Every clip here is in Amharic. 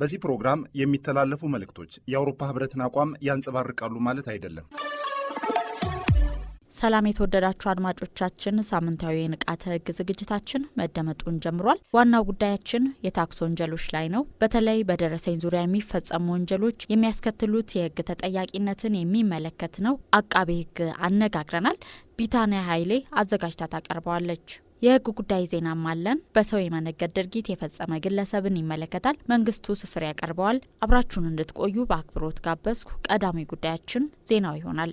በዚህ ፕሮግራም የሚተላለፉ መልእክቶች የአውሮፓ ህብረትን አቋም ያንጸባርቃሉ ማለት አይደለም። ሰላም የተወደዳችሁ አድማጮቻችን፣ ሳምንታዊ የንቃተ ህግ ዝግጅታችን መደመጡን ጀምሯል። ዋናው ጉዳያችን የታክስ ወንጀሎች ላይ ነው። በተለይ በደረሰኝ ዙሪያ የሚፈጸሙ ወንጀሎች የሚያስከትሉት የህግ ተጠያቂነትን የሚመለከት ነው። አቃቤ ህግ አነጋግረናል። ቢታንያ ኃይሌ አዘጋጅታ ታቀርበዋለች። የህግ ጉዳይ ዜናም አለን። በሰው የመነገድ ድርጊት የፈጸመ ግለሰብን ይመለከታል። መንግስቱ ስፍር ያቀርበዋል። አብራችሁን እንድትቆዩ በአክብሮት ጋበዝኩ። ቀዳሚ ጉዳያችን ዜናው ይሆናል።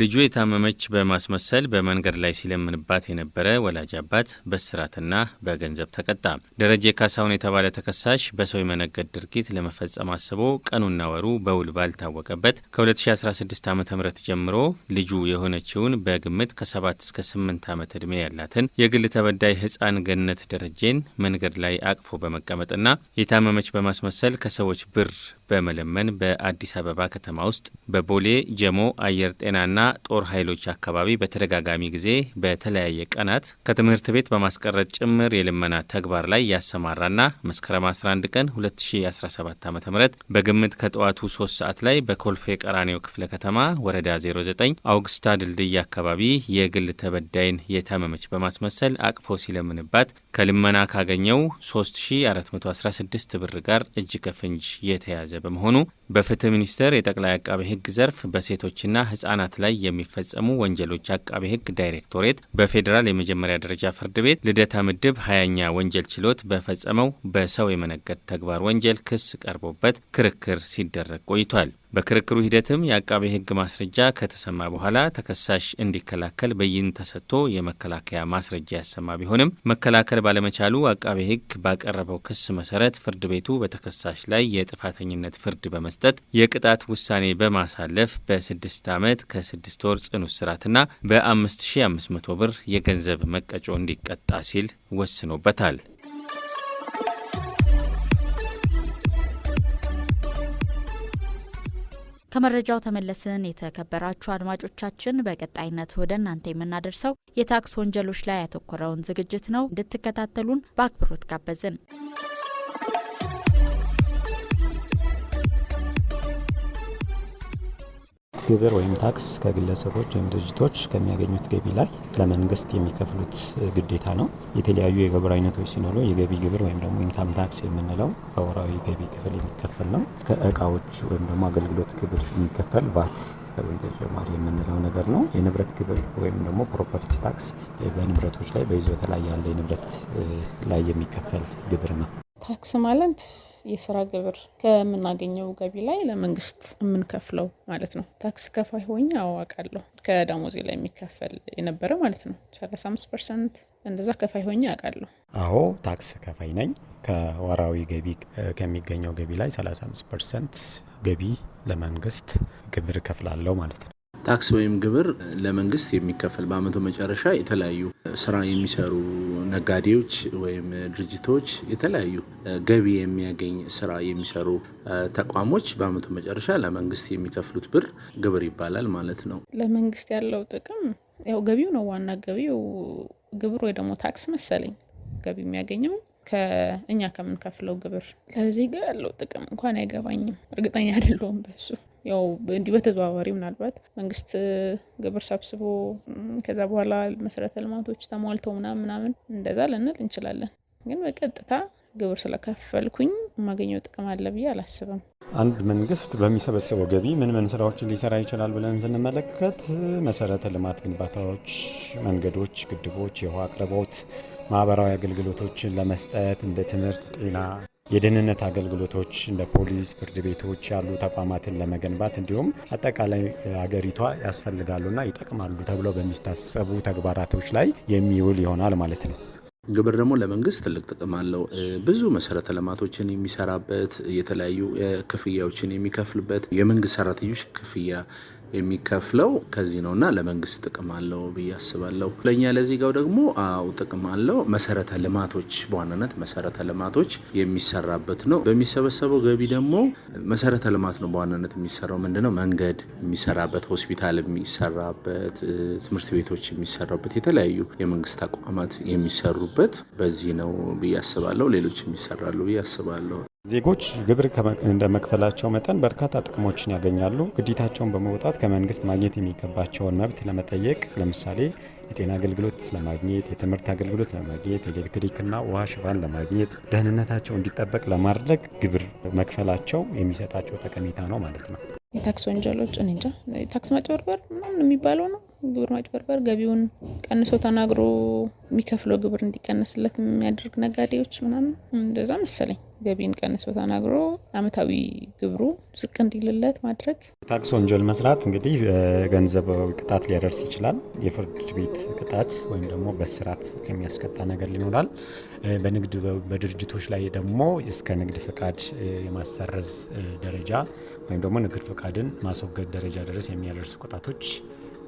ልጁ የታመመች በማስመሰል በመንገድ ላይ ሲለምንባት የነበረ ወላጅ አባት በእስራትና በገንዘብ ተቀጣ። ደረጀ ካሳሁን የተባለ ተከሳሽ በሰው የመነገድ ድርጊት ለመፈጸም አስቦ ቀኑና ወሩ በውል ባልታወቀበት ከ2016 ዓ ም ጀምሮ ልጁ የሆነችውን በግምት ከ7 እስከ 8 ዓመት ዕድሜ ያላትን የግል ተበዳይ ህፃን ገነት ደረጀን መንገድ ላይ አቅፎ በመቀመጥና የታመመች በማስመሰል ከሰዎች ብር በመለመን በአዲስ አበባ ከተማ ውስጥ በቦሌ ጀሞ አየር ጤናና ጦር ኃይሎች አካባቢ በተደጋጋሚ ጊዜ በተለያየ ቀናት ከትምህርት ቤት በማስቀረት ጭምር የልመና ተግባር ላይ ያሰማራና መስከረም 11 ቀን 2017 ዓ ም በግምት ከጠዋቱ 3 ሰዓት ላይ በኮልፌ ቀራኔው ክፍለ ከተማ ወረዳ 09 አውግስታ ድልድይ አካባቢ የግል ተበዳይን የታመመች በማስመሰል አቅፎ ሲለምንባት ከልመና ካገኘው 3416 ብር ጋር እጅ ከፍንጅ የተያዘ በመሆኑ በፍትህ ሚኒስቴር የጠቅላይ አቃቤ ሕግ ዘርፍ በሴቶችና ህጻናት ላይ የሚፈጸሙ ወንጀሎች አቃቤ ሕግ ዳይሬክቶሬት በፌዴራል የመጀመሪያ ደረጃ ፍርድ ቤት ልደታ ምድብ ሀያኛ ወንጀል ችሎት በፈጸመው በሰው የመነገድ ተግባር ወንጀል ክስ ቀርቦበት ክርክር ሲደረግ ቆይቷል። በክርክሩ ሂደትም የአቃቤ ሕግ ማስረጃ ከተሰማ በኋላ ተከሳሽ እንዲከላከል በይን ተሰጥቶ የመከላከያ ማስረጃ ያሰማ ቢሆንም መከላከል ባለመቻሉ አቃቤ ሕግ ባቀረበው ክስ መሰረት ፍርድ ቤቱ በተከሳሽ ላይ የጥፋተኝነት ፍርድ በመስጠት የቅጣት ውሳኔ በማሳለፍ በስድስት ዓመት ከስድስት ወር ጽኑ እስራትና በአምስት ሺ አምስት መቶ ብር የገንዘብ መቀጮ እንዲቀጣ ሲል ወስኖበታል። ከመረጃው ተመለስን። የተከበራችሁ አድማጮቻችን፣ በቀጣይነት ወደ እናንተ የምናደርሰው የታክስ ወንጀሎች ላይ ያተኮረውን ዝግጅት ነው። እንድትከታተሉን በአክብሮት ጋበዝን። ግብር ወይም ታክስ ከግለሰቦች ወይም ድርጅቶች ከሚያገኙት ገቢ ላይ ለመንግስት የሚከፍሉት ግዴታ ነው። የተለያዩ የግብር አይነቶች ሲኖሩ የገቢ ግብር ወይም ደግሞ ኢንካም ታክስ የምንለው ከወራዊ ገቢ ክፍል የሚከፈል ነው። ከእቃዎች ወይም ደግሞ አገልግሎት ግብር የሚከፈል ቫት ተብሎ ተጨማሪ የምንለው ነገር ነው። የንብረት ግብር ወይም ደግሞ ፕሮፐርቲ ታክስ በንብረቶች ላይ በይዞታ ላይ ያለ የንብረት ላይ የሚከፈል ግብር ነው። ታክስ ማለት የስራ ግብር ከምናገኘው ገቢ ላይ ለመንግስት የምንከፍለው ማለት ነው። ታክስ ከፋይ ሆኜ አውቃለሁ። ከደሞዜ ላይ የሚከፈል የነበረ ማለት ነው 35 ፐርሰንት እንደዛ ከፋይ ሆኜ አውቃለሁ። አዎ ታክስ ከፋይ ነኝ። ከወራዊ ገቢ ከሚገኘው ገቢ ላይ 35 ፐርሰንት ገቢ ለመንግስት ግብር እከፍላለሁ ማለት ነው። ታክስ ወይም ግብር ለመንግስት የሚከፈል በአመቱ መጨረሻ የተለያዩ ስራ የሚሰሩ ነጋዴዎች ወይም ድርጅቶች የተለያዩ ገቢ የሚያገኝ ስራ የሚሰሩ ተቋሞች በአመቱ መጨረሻ ለመንግስት የሚከፍሉት ብር ግብር ይባላል ማለት ነው። ለመንግስት ያለው ጥቅም ያው ገቢው ነው። ዋና ገቢው ግብር ወይ ደግሞ ታክስ መሰለኝ ገቢ የሚያገኘው ከእኛ ከምንከፍለው ግብር። ለዜጋ ያለው ጥቅም እንኳን አይገባኝም፣ እርግጠኛ አይደለሁም በሱ ያው እንዲህ በተዘዋዋሪ ምናልባት መንግስት ግብር ሰብስቦ ከዛ በኋላ መሰረተ ልማቶች ተሟልተው ምናምን ምናምን እንደዛ ልንል እንችላለን። ግን በቀጥታ ግብር ስለከፈልኩኝ የማገኘው ጥቅም አለ ብዬ አላስብም። አንድ መንግስት በሚሰበስበው ገቢ ምን ምን ስራዎችን ሊሰራ ይችላል ብለን ስንመለከት መሰረተ ልማት ግንባታዎች፣ መንገዶች፣ ግድቦች፣ የውሃ አቅርቦት፣ ማህበራዊ አገልግሎቶችን ለመስጠት እንደ ትምህርት፣ ጤና የደህንነት አገልግሎቶች እንደ ፖሊስ፣ ፍርድ ቤቶች ያሉ ተቋማትን ለመገንባት እንዲሁም አጠቃላይ ሀገሪቷ ያስፈልጋሉና ይጠቅማሉ ተብለው በሚታሰቡ ተግባራቶች ላይ የሚውል ይሆናል ማለት ነው። ግብር ደግሞ ለመንግስት ትልቅ ጥቅም አለው። ብዙ መሰረተ ልማቶችን የሚሰራበት፣ የተለያዩ ክፍያዎችን የሚከፍልበት፣ የመንግስት ሰራተኞች ክፍያ የሚከፍለው ከዚህ እና ለመንግስት ጥቅም አለው ብዬ አስባለሁ። ለእኛ ለዜጋው ደግሞ አው ጥቅም አለው። መሰረተ ልማቶች በዋናነት መሰረተ ልማቶች የሚሰራበት ነው። በሚሰበሰበው ገቢ ደግሞ መሰረተ ልማት ነው በዋናነት የሚሰራው ምንድነው? መንገድ የሚሰራበት፣ ሆስፒታል የሚሰራበት፣ ትምህርት ቤቶች የሚሰራበት፣ የተለያዩ የመንግስት ተቋማት የሚሰሩበት በዚህ ነው ብዬ አስባለሁ። ሌሎች የሚሰራሉ ብዬ አስባለሁ። ዜጎች ግብር እንደመክፈላቸው መጠን በርካታ ጥቅሞችን ያገኛሉ። ግዴታቸውን በመውጣት ከመንግስት ማግኘት የሚገባቸውን መብት ለመጠየቅ ለምሳሌ የጤና አገልግሎት ለማግኘት፣ የትምህርት አገልግሎት ለማግኘት፣ ኤሌክትሪክና ውሃ ሽፋን ለማግኘት፣ ደህንነታቸው እንዲጠበቅ ለማድረግ ግብር መክፈላቸው የሚሰጣቸው ጠቀሜታ ነው ማለት ነው። የታክስ ወንጀሎች እንጃ ታክስ መጭበርበር ምናምን የሚባለው ነው ግብር ማጭበርበር ገቢውን ቀንሶ ተናግሮ የሚከፍለው ግብር እንዲቀንስለት የሚያደርግ ነጋዴዎች ምናምን እንደዛ መሰለኝ። ገቢን ቀንሶ ተናግሮ አመታዊ ግብሩ ዝቅ እንዲልለት ማድረግ። ታክስ ወንጀል መስራት እንግዲህ ገንዘባዊ ቅጣት ሊያደርስ ይችላል። የፍርድ ቤት ቅጣት ወይም ደግሞ በስራት የሚያስቀጣ ነገር ሊኖራል። በንግድ በድርጅቶች ላይ ደግሞ እስከ ንግድ ፈቃድ የማሰረዝ ደረጃ ወይም ደግሞ ንግድ ፈቃድን ማስወገድ ደረጃ ድረስ የሚያደርሱ ቅጣቶች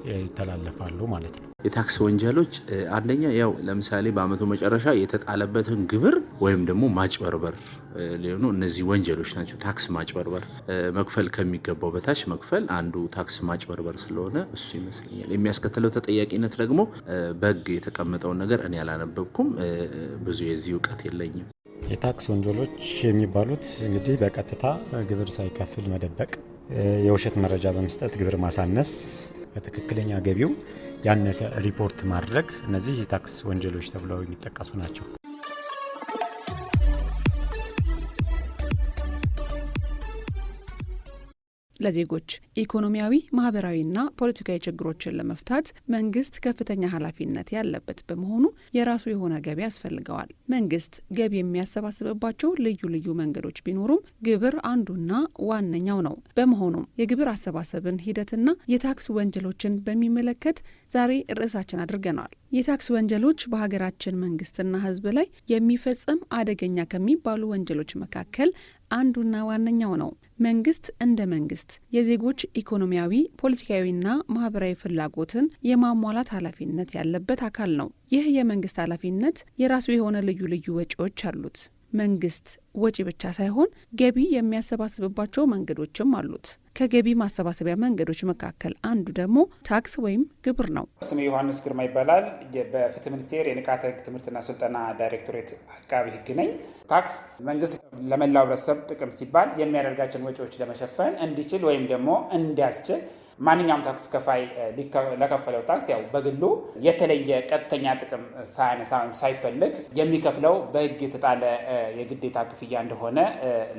ይተላለፋሉ ማለት ነው። የታክስ ወንጀሎች አንደኛ ያው ለምሳሌ በአመቱ መጨረሻ የተጣለበትን ግብር ወይም ደግሞ ማጭበርበር ሊሆኑ እነዚህ ወንጀሎች ናቸው። ታክስ ማጭበርበር መክፈል ከሚገባው በታች መክፈል አንዱ ታክስ ማጭበርበር ስለሆነ እሱ ይመስለኛል። የሚያስከትለው ተጠያቂነት ደግሞ በሕግ የተቀመጠውን ነገር እኔ አላነበብኩም፣ ብዙ የዚህ እውቀት የለኝም። የታክስ ወንጀሎች የሚባሉት እንግዲህ በቀጥታ ግብር ሳይከፍል መደበቅ የውሸት መረጃ በመስጠት ግብር ማሳነስ፣ በትክክለኛ ገቢው ያነሰ ሪፖርት ማድረግ፣ እነዚህ የታክስ ወንጀሎች ተብለው የሚጠቀሱ ናቸው። ለዜጎች ኢኮኖሚያዊ፣ ማህበራዊና ፖለቲካዊ ችግሮችን ለመፍታት መንግስት ከፍተኛ ኃላፊነት ያለበት በመሆኑ የራሱ የሆነ ገቢ ያስፈልገዋል። መንግስት ገቢ የሚያሰባስብባቸው ልዩ ልዩ መንገዶች ቢኖሩም ግብር አንዱና ዋነኛው ነው። በመሆኑም የግብር አሰባሰብን ሂደትና የታክስ ወንጀሎችን በሚመለከት ዛሬ ርዕሳችን አድርገነዋል። የታክስ ወንጀሎች በሀገራችን መንግስትና ህዝብ ላይ የሚፈጸም አደገኛ ከሚባሉ ወንጀሎች መካከል አንዱና ዋነኛው ነው። መንግስት እንደ መንግስት የዜጎች ኢኮኖሚያዊ፣ ፖለቲካዊና ማህበራዊ ፍላጎትን የማሟላት ኃላፊነት ያለበት አካል ነው። ይህ የመንግስት ኃላፊነት የራሱ የሆነ ልዩ ልዩ ወጪዎች አሉት። መንግስት ወጪ ብቻ ሳይሆን ገቢ የሚያሰባስብባቸው መንገዶችም አሉት። ከገቢ ማሰባሰቢያ መንገዶች መካከል አንዱ ደግሞ ታክስ ወይም ግብር ነው። ስሜ ዮሐንስ ግርማ ይባላል። በፍትህ ሚኒስቴር የንቃተ ህግ ትምህርትና ስልጠና ዳይሬክቶሬት አቃቢ ህግ ነኝ። ታክስ መንግስት ለመላው ህብረተሰብ ጥቅም ሲባል የሚያደርጋቸውን ወጪዎች ለመሸፈን እንዲችል ወይም ደግሞ እንዲያስችል ማንኛውም ታክስ ከፋይ ለከፈለው ታክስ ያው በግሉ የተለየ ቀጥተኛ ጥቅም ሳያነሳ ሳይፈልግ የሚከፍለው በህግ የተጣለ የግዴታ ክፍያ እንደሆነ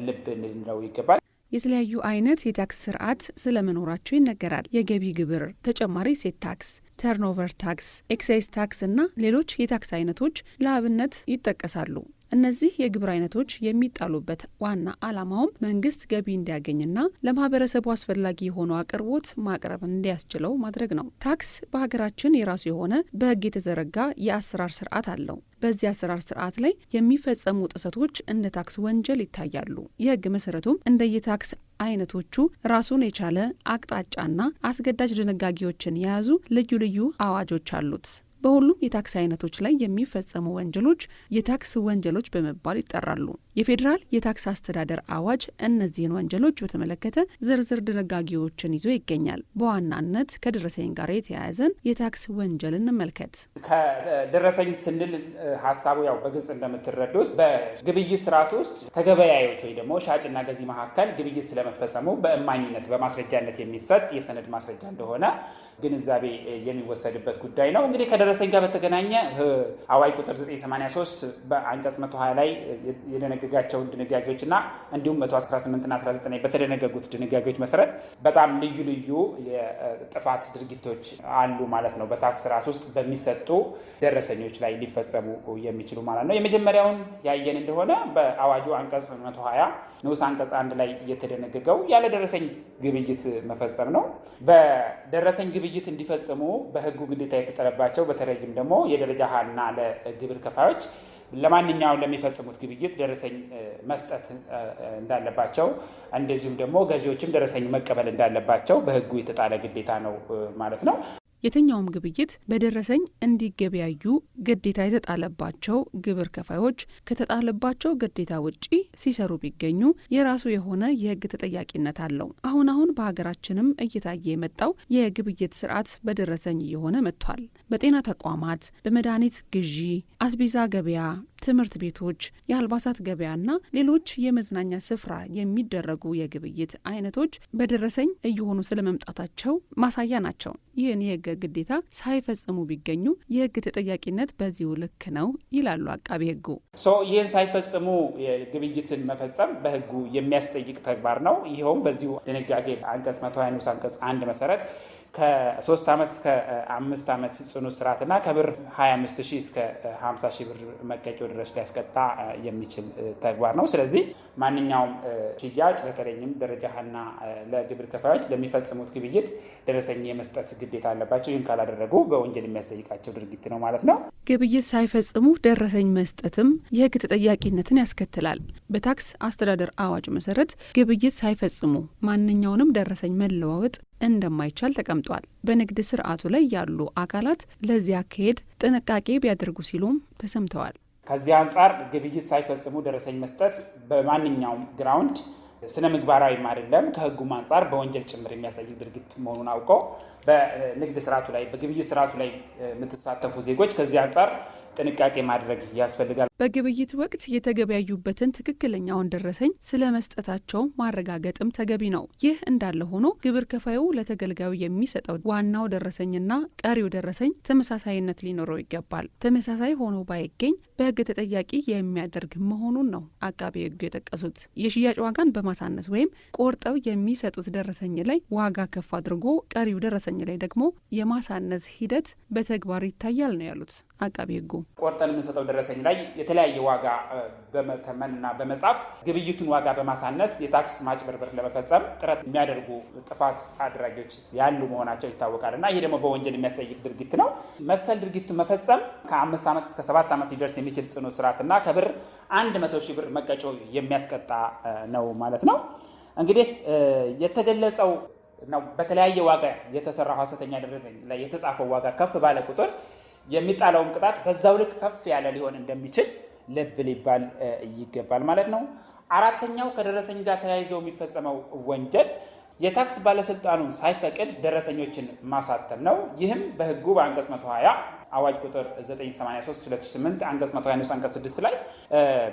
ልብ ልንለው ይገባል። የተለያዩ አይነት የታክስ ስርዓት ስለመኖራቸው ይነገራል። የገቢ ግብር፣ ተጨማሪ ሴት ታክስ፣ ተርኖቨር ታክስ፣ ኤክሳይዝ ታክስ እና ሌሎች የታክስ አይነቶች ለአብነት ይጠቀሳሉ። እነዚህ የግብር አይነቶች የሚጣሉበት ዋና ዓላማውም መንግስት ገቢ እንዲያገኝና ለማህበረሰቡ አስፈላጊ የሆነው አቅርቦት ማቅረብ እንዲያስችለው ማድረግ ነው። ታክስ በሀገራችን የራሱ የሆነ በህግ የተዘረጋ የአሰራር ስርዓት አለው። በዚህ አሰራር ስርዓት ላይ የሚፈጸሙ ጥሰቶች እንደ ታክስ ወንጀል ይታያሉ። የህግ መሰረቱም እንደየታክስ አይነቶቹ ራሱን የቻለ አቅጣጫና አስገዳጅ ድንጋጌዎችን የያዙ ልዩ ልዩ አዋጆች አሉት። በሁሉም የታክስ አይነቶች ላይ የሚፈጸሙ ወንጀሎች የታክስ ወንጀሎች በመባል ይጠራሉ። የፌዴራል የታክስ አስተዳደር አዋጅ እነዚህን ወንጀሎች በተመለከተ ዝርዝር ድንጋጌዎችን ይዞ ይገኛል። በዋናነት ከደረሰኝ ጋር የተያያዘን የታክስ ወንጀል እንመልከት። ከደረሰኝ ስንል ሀሳቡ ያው በግልጽ እንደምትረዱት በግብይት ስርዓት ውስጥ ተገበያዮች ወይ ደግሞ ሻጭና ገዚ መካከል ግብይት ስለመፈጸሙ በእማኝነት በማስረጃነት የሚሰጥ የሰነድ ማስረጃ እንደሆነ ግንዛቤ የሚወሰድበት ጉዳይ ነው። እንግዲህ ከደረሰኝ ጋር በተገናኘ አዋጅ ቁጥር 983 በአንቀጽ 120 ላይ የደነገጋቸውን ድንጋጌዎች እና እንዲሁም 118 እና 19 በተደነገጉት ድንጋጌዎች መሰረት በጣም ልዩ ልዩ የጥፋት ድርጊቶች አሉ ማለት ነው። በታክስ ስርዓት ውስጥ በሚሰጡ ደረሰኞች ላይ ሊፈጸሙ የሚችሉ ማለት ነው። የመጀመሪያውን ያየን እንደሆነ በአዋጁ አንቀጽ 120 ንዑስ አንቀጽ አንድ ላይ የተደነገገው ያለ ደረሰኝ ግብይት መፈጸም ነው። በደረሰኝ ግብይት ግብይት እንዲፈጽሙ በህጉ ግዴታ የተጠለባቸው በተለይም ደግሞ የደረጃ ሀና ለግብር ከፋዮች ለማንኛውም ለሚፈጽሙት ግብይት ደረሰኝ መስጠት እንዳለባቸው እንደዚሁም ደግሞ ገዢዎችም ደረሰኝ መቀበል እንዳለባቸው በህጉ የተጣለ ግዴታ ነው ማለት ነው። የትኛውም ግብይት በደረሰኝ እንዲገበያዩ ግዴታ የተጣለባቸው ግብር ከፋዮች ከተጣለባቸው ግዴታ ውጪ ሲሰሩ ቢገኙ የራሱ የሆነ የሕግ ተጠያቂነት አለው። አሁን አሁን በሀገራችንም እየታየ የመጣው የግብይት ስርዓት በደረሰኝ እየሆነ መጥቷል። በጤና ተቋማት፣ በመድኃኒት ግዢ፣ አስቤዛ ገበያ፣ ትምህርት ቤቶች፣ የአልባሳት ገበያና ሌሎች የመዝናኛ ስፍራ የሚደረጉ የግብይት አይነቶች በደረሰኝ እየሆኑ ስለመምጣታቸው ማሳያ ናቸው። ይህን የህግ ግዴታ ሳይፈጽሙ ቢገኙ የህግ ተጠያቂነት በዚሁ ልክ ነው ይላሉ አቃቢ ህጉ። ይህን ሳይፈጽሙ ግብይትን መፈጸም በህጉ የሚያስጠይቅ ተግባር ነው። ይኸውም በዚሁ ድንጋጌ አንቀጽ መቶ ሃያ ንዑስ አንቀጽ አንድ መሰረት ከሶስት ዓመት እስከ አምስት ዓመት ጽኑ እስራትና ከብር 25 ሺህ እስከ 50 ሺህ ብር መቀጮ ድረስ ሊያስቀጣ የሚችል ተግባር ነው። ስለዚህ ማንኛውም ሽያጭ በተለይም ደረጃና ለግብር ከፋዮች ለሚፈጽሙት ግብይት ደረሰኝ የመስጠት ግዴታ አለባቸው። ይህን ካላደረጉ በወንጀል የሚያስጠይቃቸው ድርጊት ነው ማለት ነው። ግብይት ሳይፈጽሙ ደረሰኝ መስጠትም የህግ ተጠያቂነትን ያስከትላል። በታክስ አስተዳደር አዋጅ መሰረት ግብይት ሳይፈጽሙ ማንኛውንም ደረሰኝ መለዋወጥ እንደማይቻል ተቀምጧል። በንግድ ስርዓቱ ላይ ያሉ አካላት ለዚህ አካሄድ ጥንቃቄ ቢያደርጉ ሲሉም ተሰምተዋል። ከዚህ አንጻር ግብይት ሳይፈጽሙ ደረሰኝ መስጠት በማንኛውም ግራውንድ ስነ ምግባራዊም አይደለም፣ ከህጉም አንጻር በወንጀል ጭምር የሚያሳይ ድርጊት መሆኑን አውቀው በንግድ ስርዓቱ ላይ በግብይት ስርዓቱ ላይ የምትሳተፉ ዜጎች ከዚህ አንጻር ጥንቃቄ ማድረግ ያስፈልጋል። በግብይት ወቅት የተገበያዩበትን ትክክለኛውን ደረሰኝ ስለ መስጠታቸው ማረጋገጥም ተገቢ ነው። ይህ እንዳለ ሆኖ ግብር ከፋዩ ለተገልጋዩ የሚሰጠው ዋናው ደረሰኝና ቀሪው ደረሰኝ ተመሳሳይነት ሊኖረው ይገባል። ተመሳሳይ ሆኖ ባይገኝ በሕግ ተጠያቂ የሚያደርግ መሆኑን ነው አቃቤ ሕጉ የጠቀሱት። የሽያጭ ዋጋን በማሳነስ ወይም ቆርጠው የሚሰጡት ደረሰኝ ላይ ዋጋ ከፍ አድርጎ ቀሪው ደረሰኝ ላይ ደግሞ የማሳነስ ሂደት በተግባር ይታያል ነው ያሉት። አቃቢ ህጉ ቆርጠን የምንሰጠው ደረሰኝ ላይ የተለያየ ዋጋ በመተመን እና በመጻፍ ግብይቱን ዋጋ በማሳነስ የታክስ ማጭበርበር ለመፈጸም ጥረት የሚያደርጉ ጥፋት አድራጊዎች ያሉ መሆናቸው ይታወቃል እና ይህ ደግሞ በወንጀል የሚያስጠይቅ ድርጊት ነው። መሰል ድርጊት መፈጸም ከአምስት ዓመት እስከ ሰባት ዓመት ሊደርስ የሚችል ጽኑ እስራት እና ከብር አንድ መቶ ሺህ ብር መቀጮ የሚያስቀጣ ነው ማለት ነው። እንግዲህ የተገለጸው በተለያየ ዋጋ የተሰራ ሀሰተኛ ደረሰኝ ላይ የተጻፈው ዋጋ ከፍ ባለ ቁጥር የሚጣለውን ቅጣት በዛው ልክ ከፍ ያለ ሊሆን እንደሚችል ልብ ሊባል ይገባል ማለት ነው። አራተኛው ከደረሰኝ ጋር ተያይዞ የሚፈጸመው ወንጀል የታክስ ባለስልጣኑ ሳይፈቅድ ደረሰኞችን ማሳተም ነው። ይህም በህጉ በአንቀጽ 120 አዋጅ ቁጥር 983/2008 አንቀጽ 120 ንዑስ አንቀጽ 6 ላይ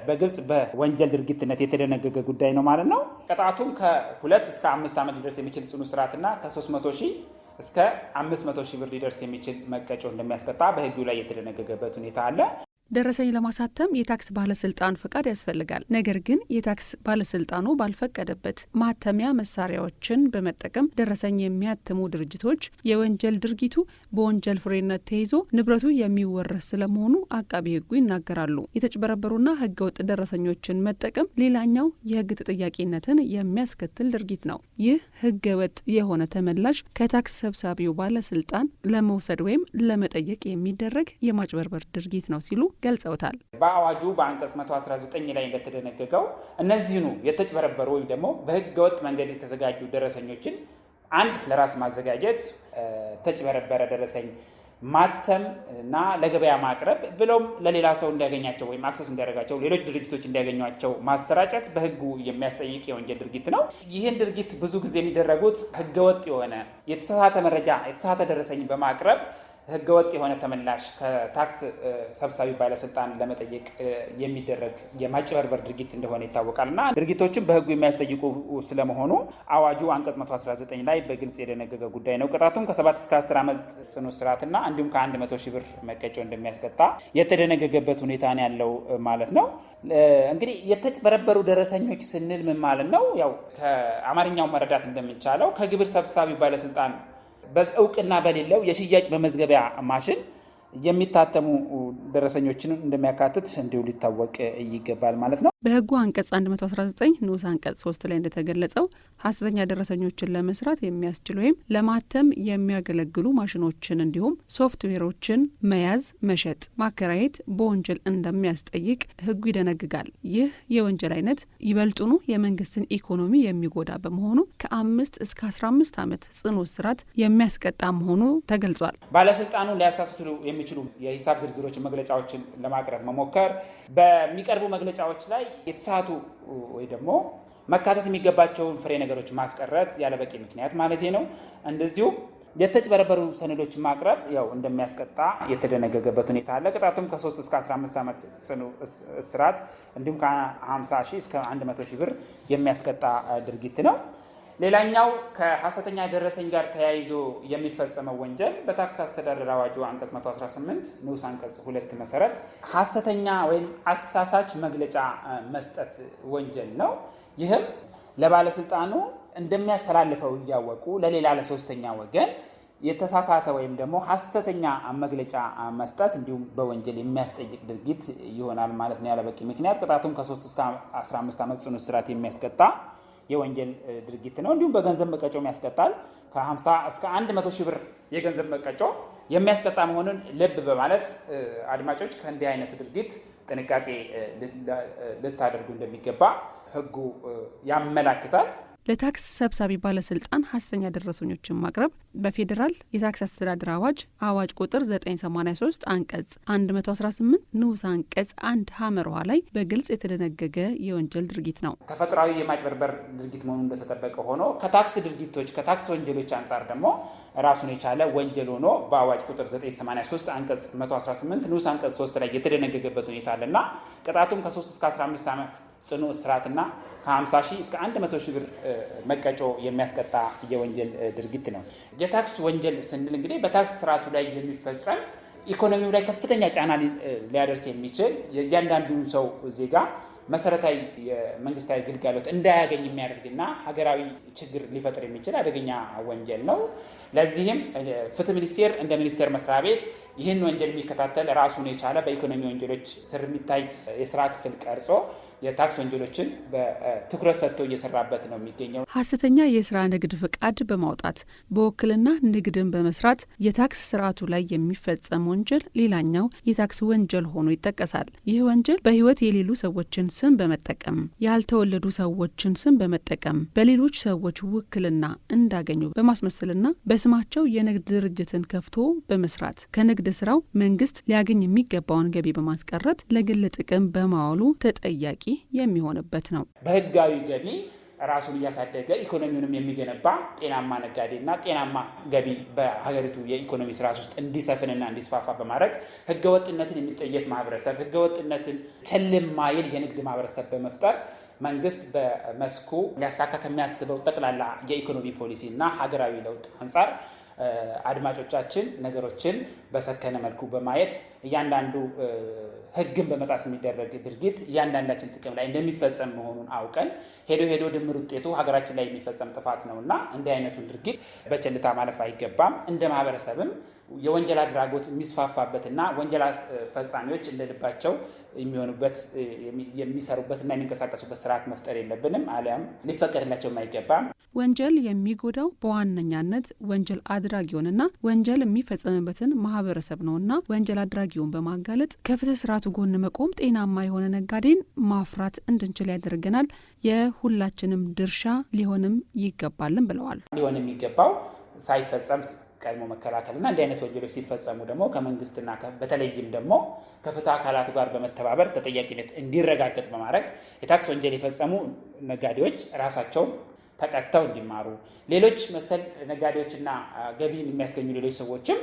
በግልጽ በወንጀል ድርጊትነት የተደነገገ ጉዳይ ነው ማለት ነው። ቅጣቱም ከሁለት እስከ አምስት ዓመት ሊደርስ የሚችል ጽኑ እስራትና ከ300 ሺህ እስከ 500 ሺህ ብር ሊደርስ የሚችል መቀጮ እንደሚያስቀጣ በህጉ ላይ የተደነገገበት ሁኔታ አለ። ደረሰኝ ለማሳተም የታክስ ባለስልጣን ፈቃድ ያስፈልጋል። ነገር ግን የታክስ ባለስልጣኑ ባልፈቀደበት ማተሚያ መሳሪያዎችን በመጠቀም ደረሰኝ የሚያትሙ ድርጅቶች የወንጀል ድርጊቱ በወንጀል ፍሬነት ተይዞ ንብረቱ የሚወረስ ስለመሆኑ አቃቢ ሕጉ ይናገራሉ። የተጭበረበሩና ሕገወጥ ደረሰኞችን መጠቀም ሌላኛው የሕግ ተጠያቂነትን የሚያስከትል ድርጊት ነው። ይህ ወጥ የሆነ ተመላሽ ከታክስ ሰብሳቢው ባለስልጣን ለመውሰድ ወይም ለመጠየቅ የሚደረግ የማጭበርበር ድርጊት ነው ሲሉ ገልጸውታል። በአዋጁ በአንቀጽ 119 ላይ እንደተደነገገው እነዚህኑ የተጭበረበሩ ወይም ደግሞ በህገወጥ መንገድ የተዘጋጁ ደረሰኞችን አንድ ለራስ ማዘጋጀት፣ ተጭበረበረ ደረሰኝ ማተም እና ለገበያ ማቅረብ ብሎም ለሌላ ሰው እንዲያገኛቸው ወይም አክሰስ እንዲያደርጋቸው ሌሎች ድርጅቶች እንዲያገኟቸው ማሰራጨት በህጉ የሚያስጠይቅ የወንጀል ድርጊት ነው። ይህን ድርጊት ብዙ ጊዜ የሚደረጉት ህገወጥ የሆነ የተሳሳተ መረጃ የተሳሳተ ደረሰኝ በማቅረብ ህገወጥ የሆነ ተመላሽ ከታክስ ሰብሳቢ ባለስልጣን ለመጠየቅ የሚደረግ የማጭበርበር ድርጊት እንደሆነ ይታወቃል እና ድርጊቶችን በህጉ የሚያስጠይቁ ስለመሆኑ አዋጁ አንቀጽ 119 ላይ በግልጽ የደነገገ ጉዳይ ነው። ቅጣቱም ከ7 እስከ 1 ዓመት ጽኑ እስራትና እንዲሁም ከ100 ሺህ ብር መቀጮ እንደሚያስቀጣ የተደነገገበት ሁኔታ ነው ያለው ማለት ነው። እንግዲህ የተጭበረበሩ ደረሰኞች ስንል ምን ማለት ነው? ያው ከአማርኛው መረዳት እንደምንቻለው ከግብር ሰብሳቢ ባለስልጣን እውቅና በሌለው የሽያጭ በመዝገቢያ ማሽን የሚታተሙ ደረሰኞችን እንደሚያካትት እንዲሁ ሊታወቅ ይገባል ማለት ነው። በህጉ አንቀጽ 119 ንዑስ አንቀጽ 3 ላይ እንደተገለጸው ሐሰተኛ ደረሰኞችን ለመስራት የሚያስችል ወይም ለማተም የሚያገለግሉ ማሽኖችን እንዲሁም ሶፍትዌሮችን መያዝ፣ መሸጥ፣ ማከራየት በወንጀል እንደሚያስጠይቅ ህጉ ይደነግጋል። ይህ የወንጀል አይነት ይበልጡኑ የመንግስትን ኢኮኖሚ የሚጎዳ በመሆኑ ከአምስት እስከ 15 ዓመት ጽኑ እስራት የሚያስቀጣ መሆኑ ተገልጿል። ባለስልጣኑ ሊያሳስቱ የሚችሉ የሂሳብ ዝርዝሮችን መግለጫዎችን ለማቅረብ መሞከር በሚቀርቡ መግለጫዎች ላይ የተሳቱ ወይ ደግሞ መካተት የሚገባቸውን ፍሬ ነገሮች ማስቀረት ያለበቂ ምክንያት ማለት ነው። እንደዚሁ የተጭበረበሩ ሰነዶችን ማቅረብ ያው እንደሚያስቀጣ የተደነገገበት ሁኔታ አለ። ቅጣቱም ከ3 እስከ 15 ዓመት ጽኑ እስራት እንዲሁም ከ50 ሺህ እስከ 100 ሺህ ብር የሚያስቀጣ ድርጊት ነው። ሌላኛው ከሐሰተኛ ደረሰኝ ጋር ተያይዞ የሚፈጸመው ወንጀል በታክስ አስተዳደር አዋጁ አንቀጽ 118 ንዑስ አንቀጽ ሁለት መሰረት ሐሰተኛ ወይም አሳሳች መግለጫ መስጠት ወንጀል ነው። ይህም ለባለስልጣኑ እንደሚያስተላልፈው እያወቁ ለሌላ ለሶስተኛ ወገን የተሳሳተ ወይም ደግሞ ሐሰተኛ መግለጫ መስጠት እንዲሁም በወንጀል የሚያስጠይቅ ድርጊት ይሆናል ማለት ነው። ያለበቂ ምክንያት ቅጣቱም ከ3 እስከ 15 ዓመት ጽኑ እስራት የሚያስቀጣ የወንጀል ድርጊት ነው። እንዲሁም በገንዘብ መቀጮም ያስቀጣል። ከ50 እስከ 100 ሺህ ብር የገንዘብ መቀጮ የሚያስቀጣ መሆኑን ልብ በማለት አድማጮች ከእንዲህ አይነቱ ድርጊት ጥንቃቄ ልታደርጉ እንደሚገባ ህጉ ያመላክታል። ለታክስ ሰብሳቢ ባለስልጣን ሀሰተኛ ደረሰኞችን ማቅረብ በፌዴራል የታክስ አስተዳደር አዋጅ አዋጅ ቁጥር 983 አንቀጽ 118 ንዑስ አንቀጽ አንድ ሀመርዋ ላይ በግልጽ የተደነገገ የወንጀል ድርጊት ነው። ተፈጥሯዊ የማጭበርበር ድርጊት መሆኑ እንደተጠበቀ ሆኖ ከታክስ ድርጊቶች ከታክስ ወንጀሎች አንጻር ደግሞ ራሱን የቻለ ወንጀል ሆኖ በአዋጅ ቁጥር 983 አንቀጽ 118 ንዑስ አንቀጽ 3 ላይ የተደነገገበት ሁኔታ አለና ቅጣቱም ከ3 እስከ 15 ዓመት ጽኑ እስራትና ከ50 ሺህ እስከ 100 ሺህ ብር መቀጮ የሚያስቀጣ የወንጀል ድርጊት ነው። የታክስ ወንጀል ስንል እንግዲህ በታክስ ስርዓቱ ላይ የሚፈጸም ኢኮኖሚው ላይ ከፍተኛ ጫና ሊያደርስ የሚችል የእያንዳንዱን ሰው ዜጋ መሰረታዊ የመንግስታዊ ግልጋሎት እንዳያገኝ የሚያደርግና ሀገራዊ ችግር ሊፈጥር የሚችል አደገኛ ወንጀል ነው። ለዚህም ፍትህ ሚኒስቴር እንደ ሚኒስቴር መስሪያ ቤት ይህን ወንጀል የሚከታተል ራሱን የቻለ በኢኮኖሚ ወንጀሎች ስር የሚታይ የስራ ክፍል ቀርጾ የታክስ ወንጀሎችን በትኩረት ሰጥቶ እየሰራበት ነው የሚገኘው። ሀሰተኛ የስራ ንግድ ፍቃድ በማውጣት በውክልና ንግድን በመስራት የታክስ ስርዓቱ ላይ የሚፈጸም ወንጀል ሌላኛው የታክስ ወንጀል ሆኖ ይጠቀሳል። ይህ ወንጀል በህይወት የሌሉ ሰዎችን ስም በመጠቀም ያልተወለዱ ሰዎችን ስም በመጠቀም በሌሎች ሰዎች ውክልና እንዳገኙ በማስመሰልና በስማቸው የንግድ ድርጅትን ከፍቶ በመስራት ከንግድ ስራው መንግስት ሊያገኝ የሚገባውን ገቢ በማስቀረት ለግል ጥቅም በማዋሉ ተጠያቂ የሚሆንበት ነው። በህጋዊ ገቢ ራሱን እያሳደገ ኢኮኖሚውንም የሚገነባ ጤናማ ነጋዴ ና ጤናማ ገቢ በሀገሪቱ የኢኮኖሚ ስርዓት ውስጥ እንዲሰፍንና እንዲስፋፋ በማድረግ ህገወጥነትን የሚጠየፍ ማህበረሰብ፣ ህገወጥነትን ቸል ማይል የንግድ ማህበረሰብ በመፍጠር መንግስት በመስኩ ሊያሳካ ከሚያስበው ጠቅላላ የኢኮኖሚ ፖሊሲ እና ሀገራዊ ለውጥ አንጻር አድማጮቻችን ነገሮችን በሰከነ መልኩ በማየት እያንዳንዱ ህግን በመጣስ የሚደረግ ድርጊት እያንዳንዳችን ጥቅም ላይ እንደሚፈጸም መሆኑን አውቀን ሄዶ ሄዶ ድምር ውጤቱ ሀገራችን ላይ የሚፈጸም ጥፋት ነው እና እንዲህ አይነቱን ድርጊት በቸልታ ማለፍ አይገባም። እንደ ማህበረሰብም የወንጀል አድራጎት የሚስፋፋበትና ወንጀል ፈጻሚዎች እንደልባቸው የሚሆኑበት እና የሚንቀሳቀሱበት ስርዓት መፍጠር የለብንም፣ አሊያም ሊፈቀድላቸው አይገባም። ወንጀል የሚጎዳው በዋነኛነት ወንጀል አድራጊውንና ወንጀል የሚፈጸምበትን ማህበረሰብ ነውና ወንጀል አድራጊውን በማጋለጥ ከፍትህ ስርዓቱ ጎን መቆም ጤናማ የሆነ ነጋዴን ማፍራት እንድንችል ያደርገናል። የሁላችንም ድርሻ ሊሆንም ይገባልን ብለዋል። ሊሆን የሚገባው ሳይፈጸም ቀድሞ መከላከል እና እንዲህ አይነት ወንጀሎች ሲፈጸሙ ደግሞ ከመንግስትና በተለይም ደግሞ ከፍትህ አካላት ጋር በመተባበር ተጠያቂነት እንዲረጋገጥ በማድረግ የታክስ ወንጀል የፈጸሙ ነጋዴዎች ራሳቸው ተቀጥተው እንዲማሩ ሌሎች መሰል ነጋዴዎችና ገቢን የሚያስገኙ ሌሎች ሰዎችም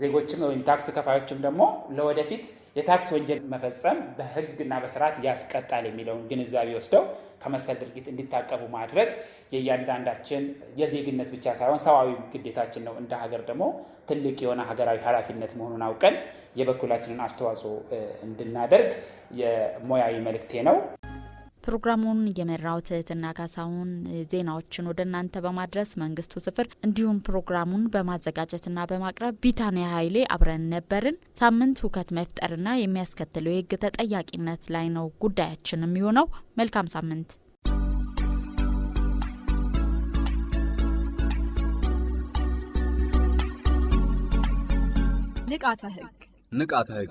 ዜጎችም ወይም ታክስ ከፋዮችም ደግሞ ለወደፊት የታክስ ወንጀል መፈጸም በሕግና በስርዓት ያስቀጣል የሚለውን ግንዛቤ ወስደው ከመሰል ድርጊት እንዲታቀቡ ማድረግ የእያንዳንዳችን የዜግነት ብቻ ሳይሆን ሰብአዊ ግዴታችን ነው። እንደ ሀገር ደግሞ ትልቅ የሆነ ሀገራዊ ኃላፊነት መሆኑን አውቀን የበኩላችንን አስተዋጽኦ እንድናደርግ የሙያዊ መልእክቴ ነው። ፕሮግራሙን የመራው ትህትና ካሳሁን ዜናዎችን ወደ እናንተ በማድረስ መንግስቱ ስፍር እንዲሁም ፕሮግራሙን በማዘጋጀትና በማቅረብ ቢታንያ ኃይሌ አብረን ነበርን። ሳምንት ሁከት መፍጠርና የሚያስከትለው የህግ ተጠያቂነት ላይ ነው ጉዳያችን የሚሆነው። መልካም ሳምንት። ንቃተ ህግ ንቃተ ህግ